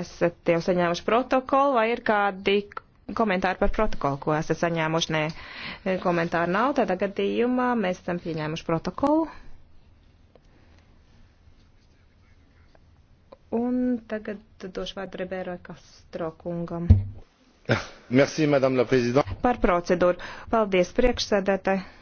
esat jau saņēmuši protokolu vai ir kādi komentāri par protokolu, ko esat saņēmuši? Nē, komentāru nav. Tādā gadījumā mēs esam pieņēmuši protokolu. Un tagad došu vārdu Rebēroj Kastro kungam. Merci, madame la présidente. Par procedūru. Paldies, priekšsēdētāji.